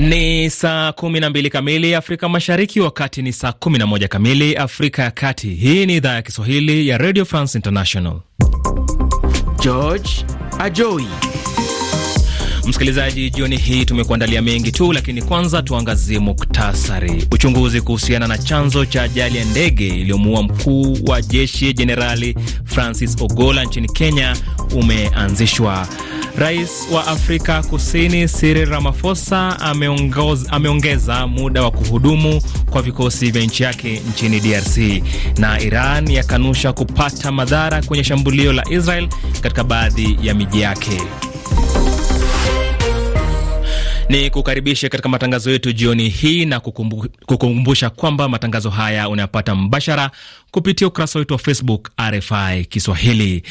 Ni saa 12 kamili Afrika Mashariki, wakati ni saa 11 kamili Afrika ya Kati. Hii ni idhaa ya Kiswahili ya Radio France International. George Ajoi Msikilizaji, jioni hii tumekuandalia mengi tu, lakini kwanza tuangazie muktasari. Uchunguzi kuhusiana na chanzo cha ajali ya ndege iliyomuua mkuu wa jeshi Jenerali Francis Ogola nchini Kenya umeanzishwa. Rais wa Afrika Kusini Cyril Ramaphosa ameongeza muda wa kuhudumu kwa vikosi vya nchi yake nchini DRC, na Iran yakanusha kupata madhara kwenye shambulio la Israel katika baadhi ya miji yake. Ni kukaribishe katika matangazo yetu jioni hii na kukumbu, kukumbusha kwamba matangazo haya unayapata mbashara kupitia ukurasa wetu wa Facebook RFI Kiswahili.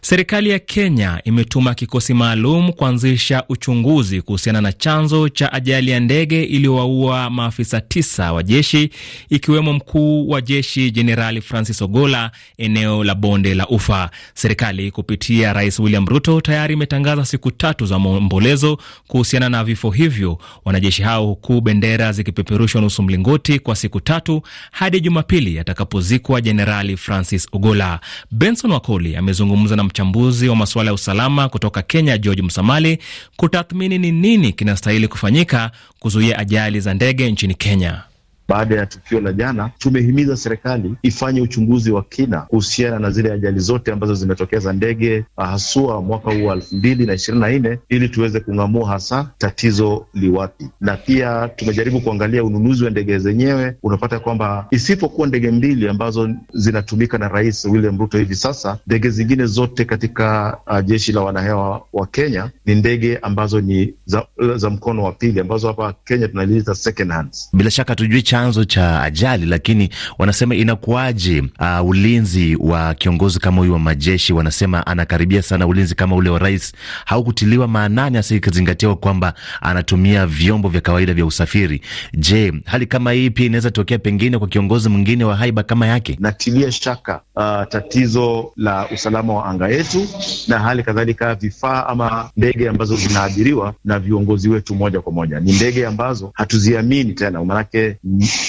Serikali ya Kenya imetuma kikosi maalum kuanzisha uchunguzi kuhusiana na chanzo cha ajali ya ndege iliyowaua maafisa tisa wa jeshi ikiwemo mkuu wa jeshi Jenerali Francis Ogola eneo la bonde la Ufa. Serikali kupitia Rais William Ruto tayari imetangaza siku tatu za maombolezo kuhusiana na vifo hivyo hivyo wanajeshi hao, huku bendera zikipeperushwa nusu mlingoti kwa siku tatu hadi Jumapili atakapozikwa Jenerali Francis Ogola. Benson Wakoli amezungumza na mchambuzi wa masuala ya usalama kutoka Kenya, George Msamali, kutathmini ni nini kinastahili kufanyika kuzuia ajali za ndege nchini Kenya. Baada ya tukio la jana, tumehimiza serikali ifanye uchunguzi wa kina kuhusiana na zile ajali zote ambazo zimetokea za ndege ah, haswa mwaka huu wa elfu mbili na ishirini na nne ili tuweze kung'amua hasa tatizo liwapi. Na pia tumejaribu kuangalia ununuzi wa ndege zenyewe, unapata kwamba isipokuwa ndege mbili ambazo zinatumika na Rais William Ruto hivi sasa, ndege zingine zote katika uh, jeshi la wanahewa wa Kenya ni ndege ambazo ni za, za mkono wa pili ambazo hapa Kenya tunaliita second hands. Bila shaka tujui cha chanzo cha ajali, lakini wanasema inakuwaje, uh, ulinzi wa kiongozi kama huyu wa majeshi, wanasema anakaribia sana ulinzi kama ule wa rais, haukutiliwa maanani, hasa ikizingatiwa kwamba anatumia vyombo vya kawaida vya usafiri. Je, hali kama hii pia inaweza tokea pengine kwa kiongozi mwingine wa haiba kama yake? Natilia shaka uh, tatizo la usalama wa anga yetu na hali kadhalika vifaa ama ndege ambazo zinaabiriwa na viongozi wetu moja kwa moja, ni ndege ambazo hatuziamini tena, maanake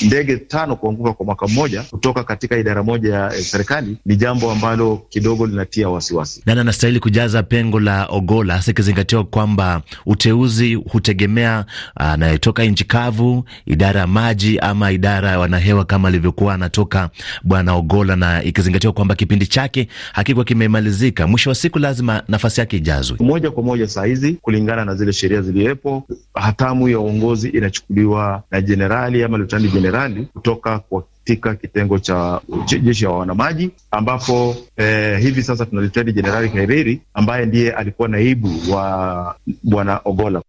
ndege tano kuanguka kwa mwaka mmoja kutoka katika idara moja ya eh, serikali ni jambo ambalo kidogo linatia wasiwasi. Nani anastahili kujaza pengo la Ogola, hasa ikizingatiwa kwamba uteuzi hutegemea ah, anayetoka nchi kavu, idara ya maji ama idara ya wanahewa, kama alivyokuwa anatoka bwana Ogola, na ikizingatiwa kwamba kipindi chake hakikuwa kimemalizika, mwisho wa siku lazima nafasi yake ijazwe moja kwa moja. Saa hizi kulingana na zile sheria ziliwepo, hatamu ya uongozi inachukuliwa na jenerali ama lutani jenerali kutoka kwa katika kitengo cha jeshi ya wanamaji ambapo eh, hivi sasa tuna Luteni Jenerali Kaireri ambaye ndiye alikuwa naibu wa Bwana Ogola.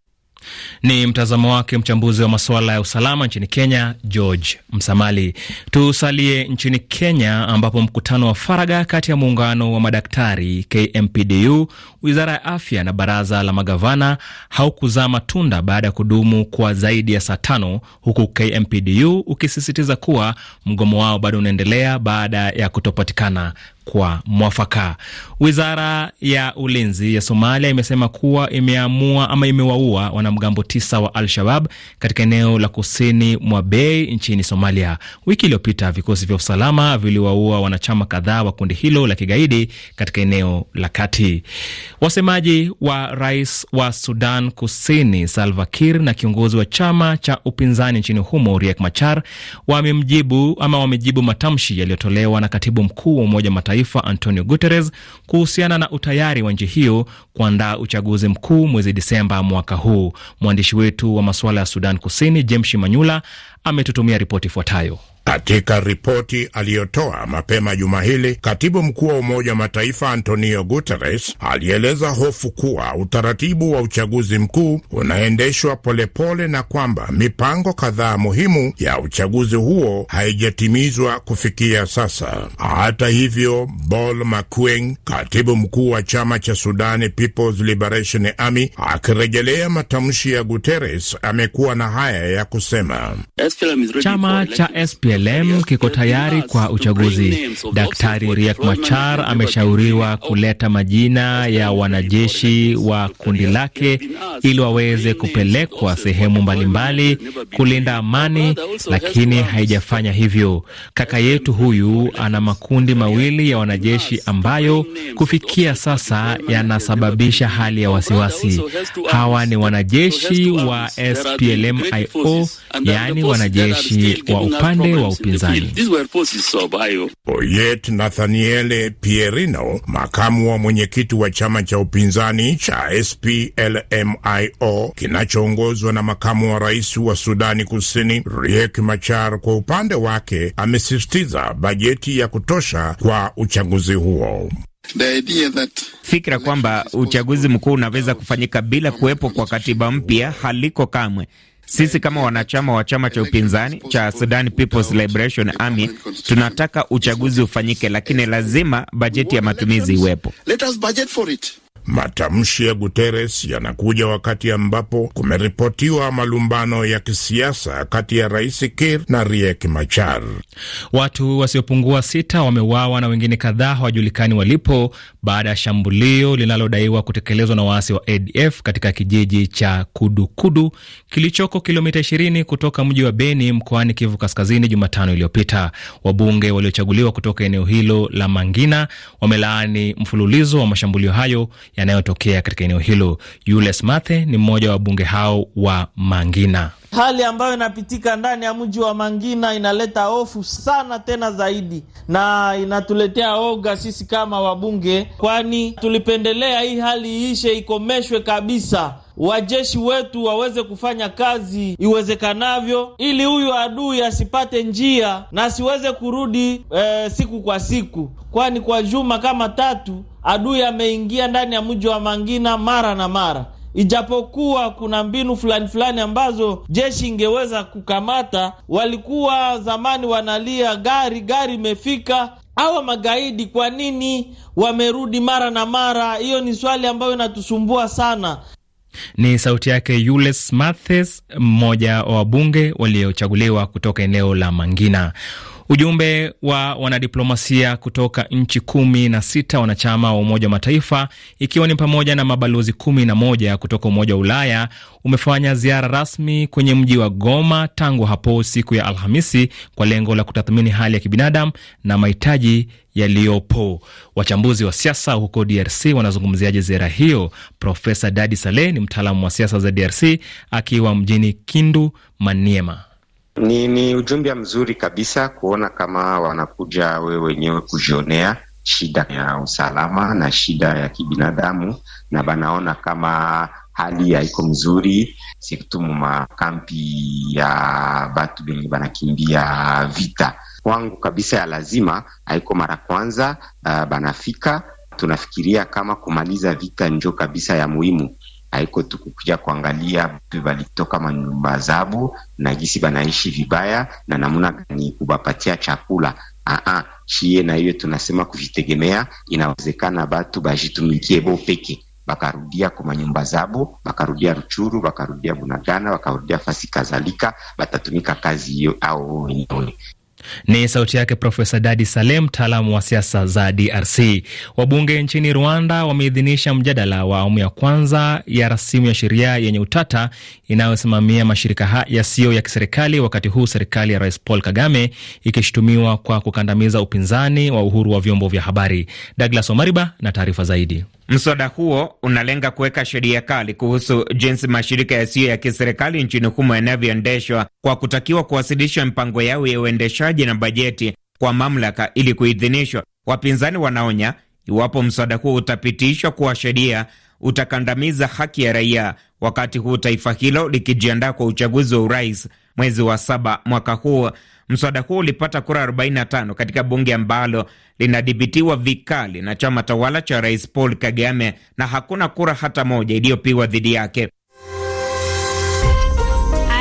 Ni mtazamo wake mchambuzi wa masuala ya usalama nchini Kenya, George Msamali. Tusalie nchini Kenya, ambapo mkutano wa faraga kati ya muungano wa madaktari KMPDU, wizara ya afya na baraza la magavana haukuzaa matunda baada ya kudumu kwa zaidi ya saa tano, huku KMPDU ukisisitiza kuwa mgomo wao bado unaendelea baada ya kutopatikana kwa mwafaka. Wizara ya ulinzi ya Somalia imesema kuwa imeamua ama imewaua wanamgambo tisa wa Al-Shabab katika eneo la kusini mwa Bay nchini Somalia. Wiki iliyopita vikosi vya usalama viliwaua wanachama kadhaa wa kundi hilo la kigaidi katika eneo la kati. Wasemaji wa rais wa Sudan Kusini Salva Kiir na kiongozi wa chama cha upinzani nchini humo Riek Machar wamemjibu ama wamejibu matamshi yaliyotolewa na katibu mkuu wa Umoja Mataifa Mataifa Antonio Guterres kuhusiana na utayari wa nchi hiyo kuandaa uchaguzi mkuu mwezi Disemba mwaka huu. Mwandishi wetu wa masuala ya Sudan Kusini James Shimanyula ametutumia ripoti ifuatayo. Katika ripoti aliyotoa mapema juma hili, katibu mkuu wa Umoja wa Mataifa Antonio Guterres alieleza hofu kuwa utaratibu wa uchaguzi mkuu unaendeshwa polepole na kwamba mipango kadhaa muhimu ya uchaguzi huo haijatimizwa kufikia sasa. Hata hivyo, Bol Makueng, katibu mkuu wa chama cha Sudani People's Liberation Army, akirejelea matamshi ya Guterres, amekuwa na haya ya kusema: chama cha SPL JLM kiko tayari kwa uchaguzi. Daktari Riek Machar ameshauriwa kuleta majina ya wanajeshi wa kundi lake ili waweze kupelekwa sehemu mbalimbali kulinda amani, lakini haijafanya hivyo. Kaka yetu huyu ana makundi mawili ya wanajeshi ambayo kufikia sasa yanasababisha hali ya wasiwasi. Hawa ni wanajeshi wa SPLM-IO, yaani wanajeshi wa upande wa upinzani. Oyet Nathaniele Pierino, makamu wa mwenyekiti wa chama cha upinzani cha SPLMIO kinachoongozwa na makamu wa rais wa Sudani Kusini Riek Machar, kwa upande wake amesisitiza bajeti ya kutosha kwa uchaguzi huo. Fikira kwamba uchaguzi mkuu unaweza kufanyika bila kuwepo kwa katiba mpya haliko kamwe. Sisi kama wanachama wa chama cha upinzani cha Sudan People's Liberation Army tunataka uchaguzi ufanyike, lakini lazima bajeti ya matumizi iwepo. Let us budget for it. Matamshi ya Guterres yanakuja wakati ambapo kumeripotiwa malumbano ya kisiasa kati ya rais Kir na Riek Machar. Watu wasiopungua sita wameuawa na wengine kadhaa hawajulikani walipo baada ya shambulio linalodaiwa kutekelezwa na waasi wa ADF katika kijiji cha Kudukudu kilichoko kilomita 20 kutoka mji wa Beni mkoani Kivu Kaskazini Jumatano iliyopita. Wabunge waliochaguliwa kutoka eneo hilo la Mangina wamelaani mfululizo wa mashambulio hayo yanayotokea katika eneo hilo. ules Mathe ni mmoja wa wabunge hao wa Mangina. Hali ambayo inapitika ndani ya mji wa Mangina inaleta hofu sana tena zaidi, na inatuletea oga sisi kama wabunge, kwani tulipendelea hii hali iishe, ikomeshwe kabisa, wajeshi wetu waweze kufanya kazi iwezekanavyo, ili huyu adui asipate njia na asiweze kurudi e, siku kwa siku kwani kwa juma kama tatu adui ameingia ndani ya mji wa Mangina mara na mara, ijapokuwa kuna mbinu fulani fulani ambazo jeshi ingeweza kukamata. Walikuwa zamani wanalia gari gari imefika. Hawa magaidi kwa nini wamerudi mara na mara? Hiyo ni swali ambayo inatusumbua sana. Ni sauti yake Yules Mathes, mmoja wa wabunge waliochaguliwa kutoka eneo la Mangina. Ujumbe wa wanadiplomasia kutoka nchi kumi na sita wanachama wa Umoja wa Mataifa ikiwa ni pamoja na mabalozi kumi na moja kutoka Umoja wa Ulaya umefanya ziara rasmi kwenye mji wa Goma tangu hapo siku ya Alhamisi kwa lengo la kutathmini hali ya kibinadamu na mahitaji yaliyopo. Wachambuzi wa siasa huko DRC wanazungumziaje ziara hiyo? Profesa Dadi Saleh ni mtaalamu wa siasa za DRC akiwa mjini Kindu, Maniema. Ni, ni ujumbe mzuri kabisa kuona kama wanakuja we wenyewe kujionea shida ya usalama na shida ya kibinadamu, na banaona kama hali haiko mzuri, sikutumu makampi ya batu bengi banakimbia vita. Kwangu kabisa ya lazima, haiko mara kwanza uh, ah, banafika. Tunafikiria kama kumaliza vita njo kabisa ya muhimu haiko tukukuja kuangalia batu balitoka manyumba zabo na gisi banaishi vibaya na namuna gani kubapatia chakula. Aa, chie na hiyo tunasema kuvitegemea, inawezekana batu bajitumikie bo peke bakarudia kwa manyumba zabo, bakarudia Ruchuru, bakarudia Bunagana, bakarudia fasi kadhalika, batatumika kazi hiyo ao wenyewe. Ni sauti yake Profesa Dadi salem mtaalamu wa siasa za DRC. Wabunge nchini Rwanda wameidhinisha mjadala wa awamu ya kwanza ya rasimu ya sheria yenye utata inayosimamia mashirika yasiyo ya, ya kiserikali, wakati huu serikali ya Rais Paul Kagame ikishutumiwa kwa kukandamiza upinzani wa uhuru wa vyombo vya habari. Douglas Omariba na taarifa zaidi. Mswada huo unalenga kuweka sheria kali kuhusu jinsi mashirika yasiyo ya kiserikali nchini humo yanavyoendeshwa kwa kutakiwa kuwasilisha mipango yao ya uendeshaji na bajeti kwa mamlaka ili kuidhinishwa. Wapinzani wanaonya iwapo mswada huo utapitishwa kuwa sheria utakandamiza haki ya raia, wakati huu taifa hilo likijiandaa kwa uchaguzi wa urais mwezi wa saba mwaka huu. Mswada huu ulipata kura 45 katika bunge ambalo linadhibitiwa vikali na chama tawala cha Rais Paul Kagame, na hakuna kura hata moja iliyopigwa dhidi yake.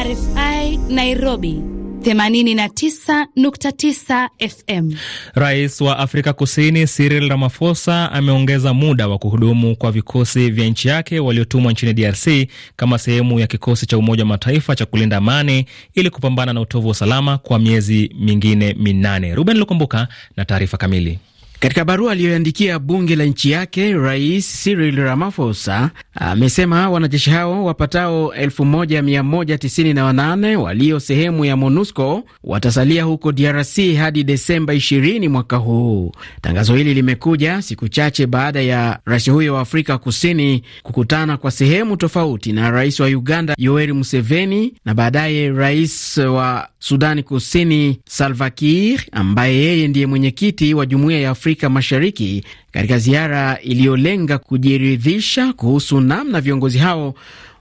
RFI Nairobi 89.9 FM. Rais wa Afrika Kusini Cyril Ramaphosa ameongeza muda wa kuhudumu kwa vikosi vya nchi yake waliotumwa nchini DRC kama sehemu ya kikosi cha Umoja wa Mataifa cha kulinda amani ili kupambana na utovu wa usalama kwa miezi mingine minane. Ruben Lukumbuka na taarifa kamili. Katika barua aliyoandikia bunge la nchi yake, Rais Cyril Ramaphosa Amesema wanajeshi hao wapatao 1198 walio sehemu ya MONUSCO watasalia huko DRC hadi Desemba 20 mwaka huu. Tangazo hili limekuja siku chache baada ya rais huyo wa Afrika Kusini kukutana kwa sehemu tofauti na rais wa Uganda Yoweri Museveni na baadaye rais wa Sudani Kusini Salva Kiir ambaye yeye ndiye mwenyekiti wa Jumuiya ya Afrika Mashariki katika ziara iliyolenga kujiridhisha kuhusu namna viongozi hao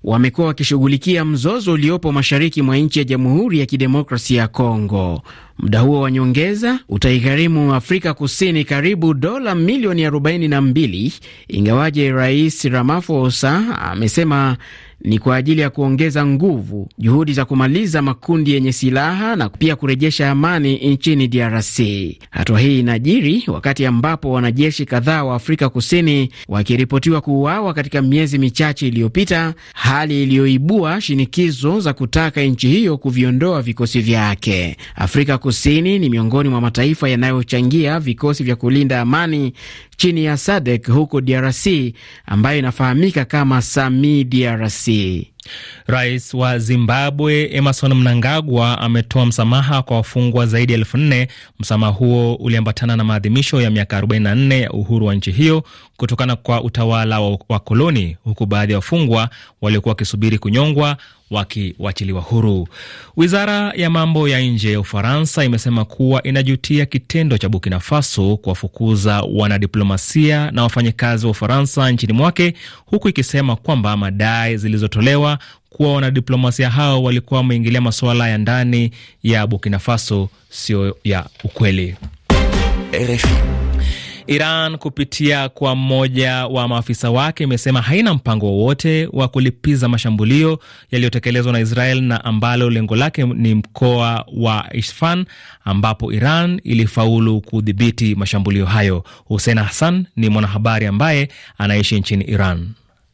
wamekuwa wakishughulikia mzozo uliopo mashariki mwa nchi ya Jamhuri ya Kidemokrasia ya Kongo. Muda huo wa nyongeza utaigharimu Afrika Kusini karibu dola milioni 42, ingawaje Rais Ramaphosa amesema ni kwa ajili ya kuongeza nguvu juhudi za kumaliza makundi yenye silaha na pia kurejesha amani nchini DRC. Hatua hii inajiri wakati ambapo wanajeshi kadhaa wa Afrika Kusini wakiripotiwa kuuawa katika miezi michache iliyopita, hali iliyoibua shinikizo za kutaka nchi hiyo kuviondoa vikosi vyake. Afrika Kusini ni miongoni mwa mataifa yanayochangia vikosi vya kulinda amani chini ya SADC huko DRC ambayo inafahamika kama SAMI DRC. Rais wa Zimbabwe Emerson Mnangagwa ametoa msamaha kwa wafungwa zaidi ya elfu nne. Msamaha huo uliambatana na maadhimisho ya miaka 44 ya uhuru wa nchi hiyo kutokana kwa utawala wa koloni, huku baadhi ya wafungwa waliokuwa wakisubiri kunyongwa wakiwachiliwa huru. Wizara ya mambo ya nje ya Ufaransa imesema kuwa inajutia kitendo cha Burkina Faso kuwafukuza wanadiplomasia na wafanyakazi wa Ufaransa nchini mwake, huku ikisema kwamba madai zilizotolewa kuwa wanadiplomasia hao walikuwa wameingilia masuala ya ndani ya Burkina Faso sio ya ukweli. RFI. Iran kupitia kwa mmoja wa maafisa wake imesema haina mpango wowote wa kulipiza mashambulio yaliyotekelezwa na Israel na ambalo lengo lake ni mkoa wa Isfahan ambapo Iran ilifaulu kudhibiti mashambulio hayo. Hussein Hassan ni mwanahabari ambaye anaishi nchini Iran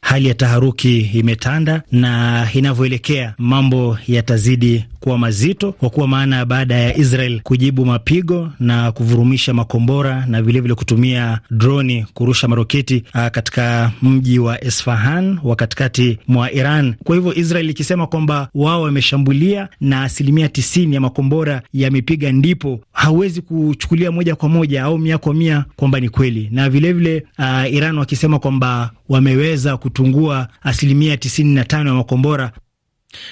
hali ya taharuki imetanda na inavyoelekea mambo yatazidi kuwa mazito, kwa kuwa maana baada ya Israel kujibu mapigo na kuvurumisha makombora na vilevile vile kutumia droni kurusha maroketi ah, katika mji wa Esfahan wa katikati mwa Iran. Kwa hivyo Israel ikisema kwamba wao wameshambulia na asilimia tisini ya makombora yamepiga, ndipo hauwezi kuchukulia moja kwa moja au mia kwa mia kwamba ni kweli, na vilevile uh, Iran wakisema kwamba wameweza kutungua asilimia tisini na tano ya makombora.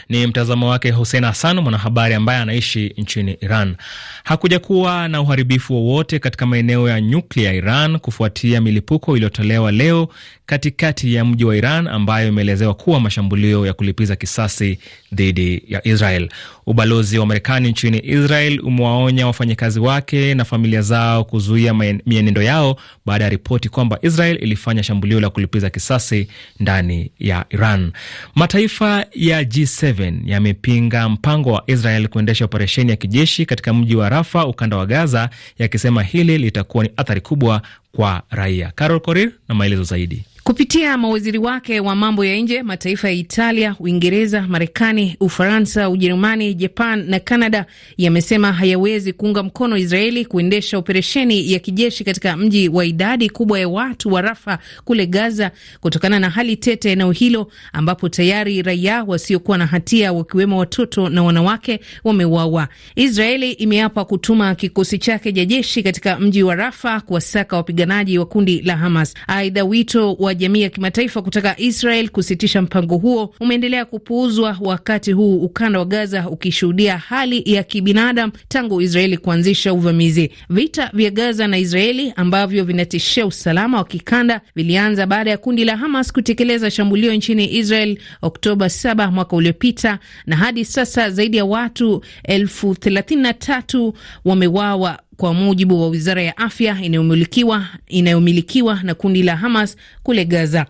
Ni mtazamo wake Hussein Hassan, mwanahabari ambaye anaishi nchini Iran. Hakuja kuwa na uharibifu wowote katika maeneo ya nyuklia ya Iran kufuatia milipuko iliyotolewa leo katikati ya mji wa Iran, ambayo imeelezewa kuwa mashambulio ya kulipiza kisasi dhidi ya Israel. Ubalozi wa Marekani nchini Israel umewaonya wafanyakazi wake na familia zao kuzuia mienendo yao baada ya ripoti kwamba Israel ilifanya shambulio la kulipiza kisasi ndani ya Iran. Mataifa ya G7 yamepinga mpango wa Israel kuendesha operesheni ya kijeshi katika mji wa Rafa, ukanda wa Gaza, yakisema hili litakuwa ni athari kubwa kwa raia. Carol Korir na maelezo zaidi. Kupitia mawaziri wake wa mambo ya nje, mataifa ya Italia, Uingereza, Marekani, Ufaransa, Ujerumani, Japan na Kanada yamesema hayawezi kuunga mkono Israeli kuendesha operesheni ya kijeshi katika mji wa idadi kubwa ya watu wa Rafa kule Gaza kutokana na hali tete eneo hilo ambapo tayari raia wasiokuwa na hatia wakiwemo watoto na wanawake wameuawa. Israeli imeapa kutuma kikosi chake cha jeshi katika mji wa Rafa kuwasaka wapiganaji wa kundi la Hamas. Aidha, wito wa wa jamii ya kimataifa kutaka Israel kusitisha mpango huo umeendelea kupuuzwa, wakati huu ukanda wa Gaza ukishuhudia hali ya kibinadamu tangu Israeli kuanzisha uvamizi. Vita vya Gaza na Israeli ambavyo vinatishia usalama wa kikanda vilianza baada ya kundi la Hamas kutekeleza shambulio nchini Israel Oktoba 7 mwaka uliopita, na hadi sasa zaidi ya watu elfu 33 wamewawa kwa mujibu wa wizara ya afya inayomilikiwa inayomilikiwa na kundi la Hamas kule Gaza.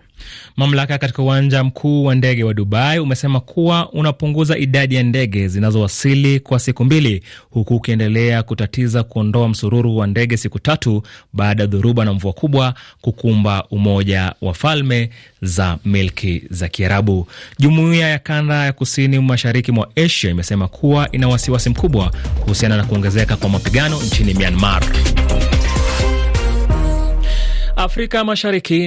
Mamlaka katika uwanja mkuu wa ndege wa Dubai umesema kuwa unapunguza idadi ya ndege zinazowasili kwa siku mbili, huku ukiendelea kutatiza kuondoa msururu wa ndege siku tatu baada ya dhoruba na mvua kubwa kukumba Umoja wa Falme za Milki za Kiarabu. Jumuiya ya kanda ya kusini mashariki mwa Asia imesema kuwa ina wasiwasi mkubwa kuhusiana na kuongezeka kwa mapigano nchini Myanmar. Afrika Mashariki